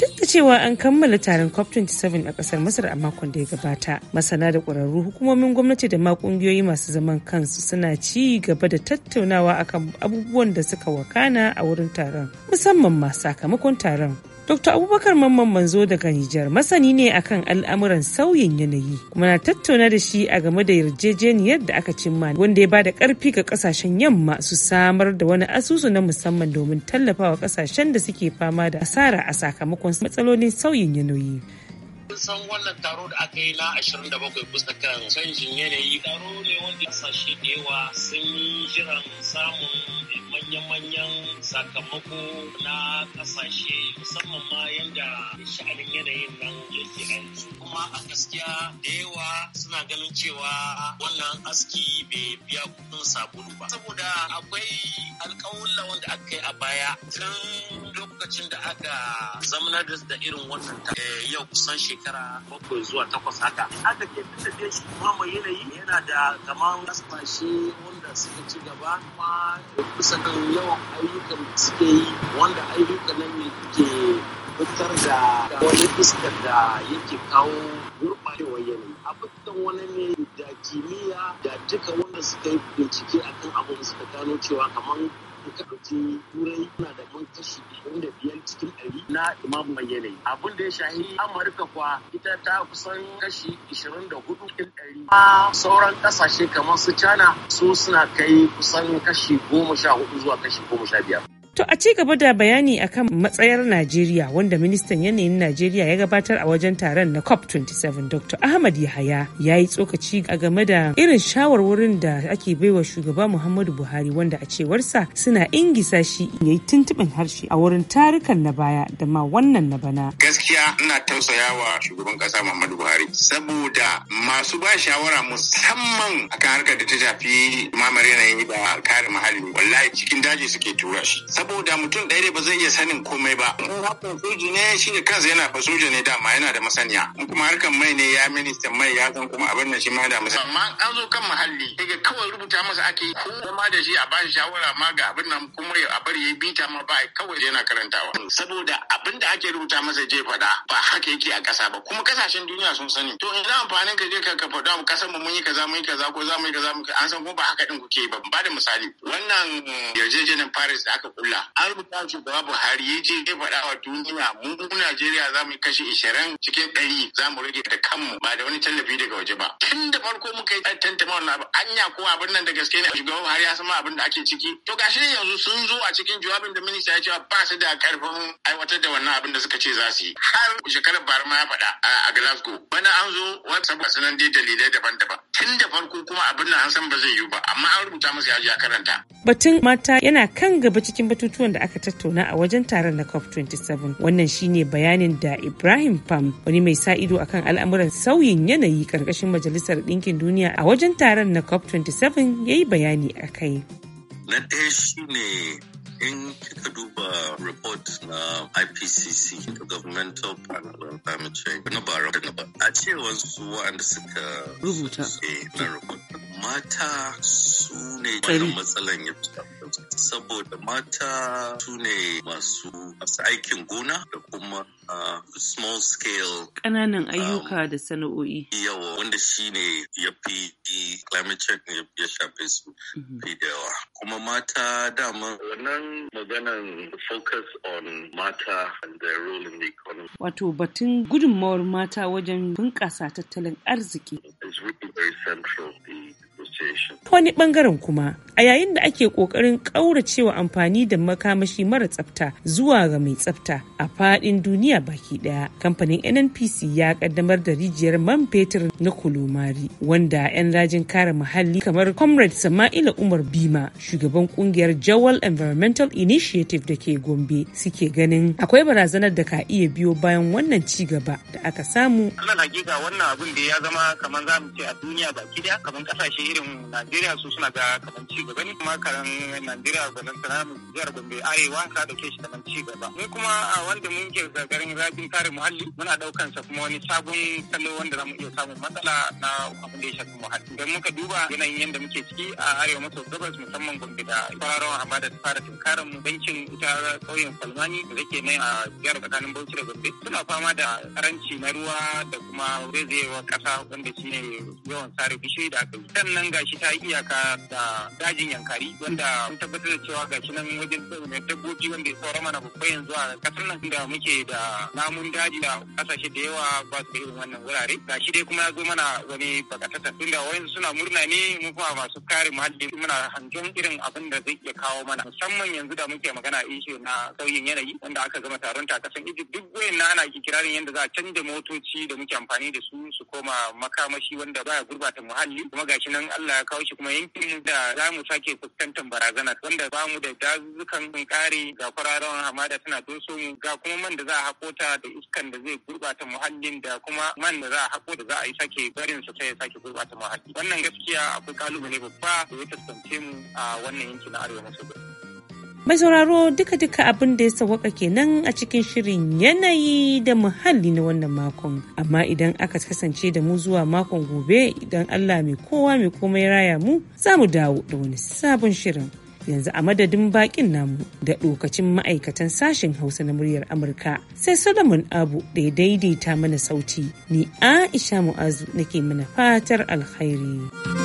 duk da cewa an kammala taron cop 27 a kasar masar a makon da ya gabata masana da ƙwararru hukumomin gwamnati da ma ƙungiyoyi masu zaman kansu suna ci gaba da tattaunawa akan abubuwan da suka wakana a wurin taron musamman ma sakamakon taron Dr. Abubakar Mamman Manzo daga Nijar masani ne akan al'amuran sauyin yanayi kuma na tattauna da shi a game da yarjejeniyar da aka cimma wanda ya bada karfi ga kasashen yamma su samar da wani asusu na musamman domin tallafawa kasashen da suke fama da asara a sakamakon matsalolin sauyin yanayi. kun san wannan taro da aka yi na 27 kusa kan canjin yanayi taro ne wanda kasashe da yawa sun yi jiran samun manya-manyan sakamako na kasashe musamman ma yanda sha'anin yanayin nan yake aiki kuma a gaskiya da yawa suna ganin cewa wannan aski bai biya kudin sabulu ba saboda akwai alƙawulla wanda aka yi a baya tun lokacin da aka zamana da irin wannan ta eh, yau kusan shekara bakwai zuwa takwas haka aka ke da shi kuma mai yanayi yana da kamar kasashe wanda suka ci gaba kuma kusa kan yawan ayyukan da suke yi wanda ayyukan nan ne ke fitar da wani iskar da yake kawo abubuwan wani ne da kimiyya da duka wanda suka yi bincike a kan abin suka gano cewa kamar ka ɗauki turai na da man kashi da biyar cikin ɗari na mai yanayi abin da ya shahi amurka kwa ita ta kusan kashi ishirin da hudu cikin ɗari a sauran ƙasashe kamar su china su suna kai kusan kashi goma sha hudu zuwa kashi goma sha biyar To a ci gaba da bayani akan matsayar Najeriya wanda ministan yanayin Najeriya ya gabatar a wajen taron na COP27 Dr. Ahmad Yahaya ya yi tsokaci a game da irin shawarwarin da ake baiwa shugaba Muhammadu Buhari wanda a cewarsa suna ingisa shi ya yi tuntuɓin harshe a wurin tarukan na baya da ma wannan na bana. Gaskiya ina tausayawa shugaban kasa Muhammadu Buhari saboda masu ba shawara musamman akan harkar da ta shafi mamar yanayi ba kare muhalli wallahi cikin daji suke tura shi. saboda mutum ɗaya ba zai iya sanin komai ba in harkar soji ne shi ne kansa yana ba soja ne dama yana da masaniya in kuma harkar mai ne ya minista mai ya san kuma abin nan shi ma da masaniya amma an zo kan muhalli daga kawai rubuta masa ake ko ma da shi a bashi shawara ma ga abin nan kuma a bari ya bita ma ba kawai yana karantawa saboda abin da ake rubuta masa je faɗa ba haka yake a ƙasa ba kuma ƙasashen duniya sun sani to ina amfanin ka je ka ka faɗa mu kasan mu mun yi kaza mun yi kaza ko za mu yi kaza an san kuma ba haka din kuke ba ba da misali wannan yarjejeniyar Paris da aka kula Allah An rubuta shugaba Buhari ya je ya faɗa wa duniya mu Najeriya za mu kashi ishirin cikin ɗari za mu rage da kanmu ba da wani tallafi daga waje ba. Tun da farko muka yi tantama wannan abu anya ko abin nan da gaske ne shugaba Buhari ya san abin da ake ciki. To gashi ne yanzu sun zo a cikin jawabin da minista ya ce ba su da karfin aiwatar da wannan abin da suka ce za su yi. Har shekarar bara ma ya faɗa a Glasgow. Bana an zo wani sabon sunan dai dalilai daban-daban. Tun da farko kuma abin nan an san ba zai yiwu ba amma an rubuta masa ya karanta. Batun mata yana kan gaba cikin batutuwan da aka tattauna a wajen taron na COP27. Wannan shine bayanin da Ibrahim Pam wani mai sa ido akan al'amuran sauyin yanayi karkashin Majalisar Dinkin Duniya a wajen taron na COP27 ya yi bayani a kai. Na ɗaya shine in kika duba report na IPCC da Governmental Panel on Climate Change na bara da na ba a cewar su waɗanda suka rubuta eh, na report mata su ne wannan matsalan ya saboda mata su ne masu aikin gona da kuma Uh, small scale ƙananan ah, ayyuka um, da sana'o'i yawa wanda shine ya fi climate change ya shafe su mhm. fi da yawa kuma mata dama wannan maganan focus on mata and their role in the economy wato batun gudunmawar mata wajen bunƙasa tattalin arziki is really very central Ta wani bangaren kuma a yayin da ake kokarin kauracewa amfani da makamashi mara tsafta zuwa ga mai tsafta a fadin duniya baki daya kamfanin nnpc ya kaddamar da rijiyar man fetur na kulomari wanda 'yan rajin kare muhalli kamar comrade sama'ila umar bima shugaban kungiyar jawal environmental initiative da ke gombe suke ganin akwai barazanar da ka iya biyo bayan wannan ci gaba da aka samu. hakika wannan abin da ya zama kamar za mu ce a duniya baki daya kamar kasashe irin Najeriya su suna da kaman ci gaba ne kuma karan Najeriya gwanin sanar jihar Gombe Arewa ka dauke shi kaman ci gaba. Mu kuma a wanda mun ke garin zafin kare muhalli muna daukan sa kuma wani sabon kallo wanda zamu iya samun matsala na abin da ya shafi muhalli. Idan muka duba yanayin yadda muke ciki a Arewa maso gabas musamman Gombe da kwararon hamada ta fara tunkarar mu bankin ita kauyen Falmani da ke nan a jihar tsakanin Bauchi da Gombe suna fama da karanci na ruwa da kuma zaizayewa kasa wanda shine yawan sare bishiyoyi da aka yi. Sannan gashi shi iyaka da dajin yankari wanda mun tabbatar da cewa ga nan wajen dabbobi wanda ya tsoro mana babba yanzu a kasar nan da muke da namun daji da kasashe da yawa ba su irin wannan wurare shi dai kuma ya zo mana wani bakatata tunda wayansu suna murna ne mu kuma masu kare muhalli muna hangen irin abin da zai iya kawo mana musamman yanzu da muke magana ishe na sauyin yanayi wanda aka zama taron ta kasan Egypt duk wayannan ana kirarin yadda za a canja motoci da muke amfani da su su koma makamashi wanda baya gurbata muhalli kuma shi nan Allah kawo shi kuma yankin da za mu sake fuskantar barazana wanda ba mu da dazuzzukan kare ga kwararon hamada tana so mu ga kuma man da za a hako ta da iskan da zai gurbata muhallin da kuma man da za a hako da za a yi sake barin sa sai ya sake gurbata muhalli wannan gaskiya akwai kalubale babba da ya tantance mu a wannan yankin na arewa maso gabas Mai sauraro duka-duka abin da ya sawaka kenan a cikin shirin yanayi da muhalli na wannan makon. Amma idan aka kasance da mu zuwa makon gobe idan Allah mai kowa mai komai raya mu za mu dawo da wani sabon shirin. Yanzu a madadin bakin namu da ɗokacin ma'aikatan sashen Hausa na muryar Amurka sai Solomon Abu da ya daidaita mana sauti. Ni Aisha Mu'azu nake mana fatar alkhairi.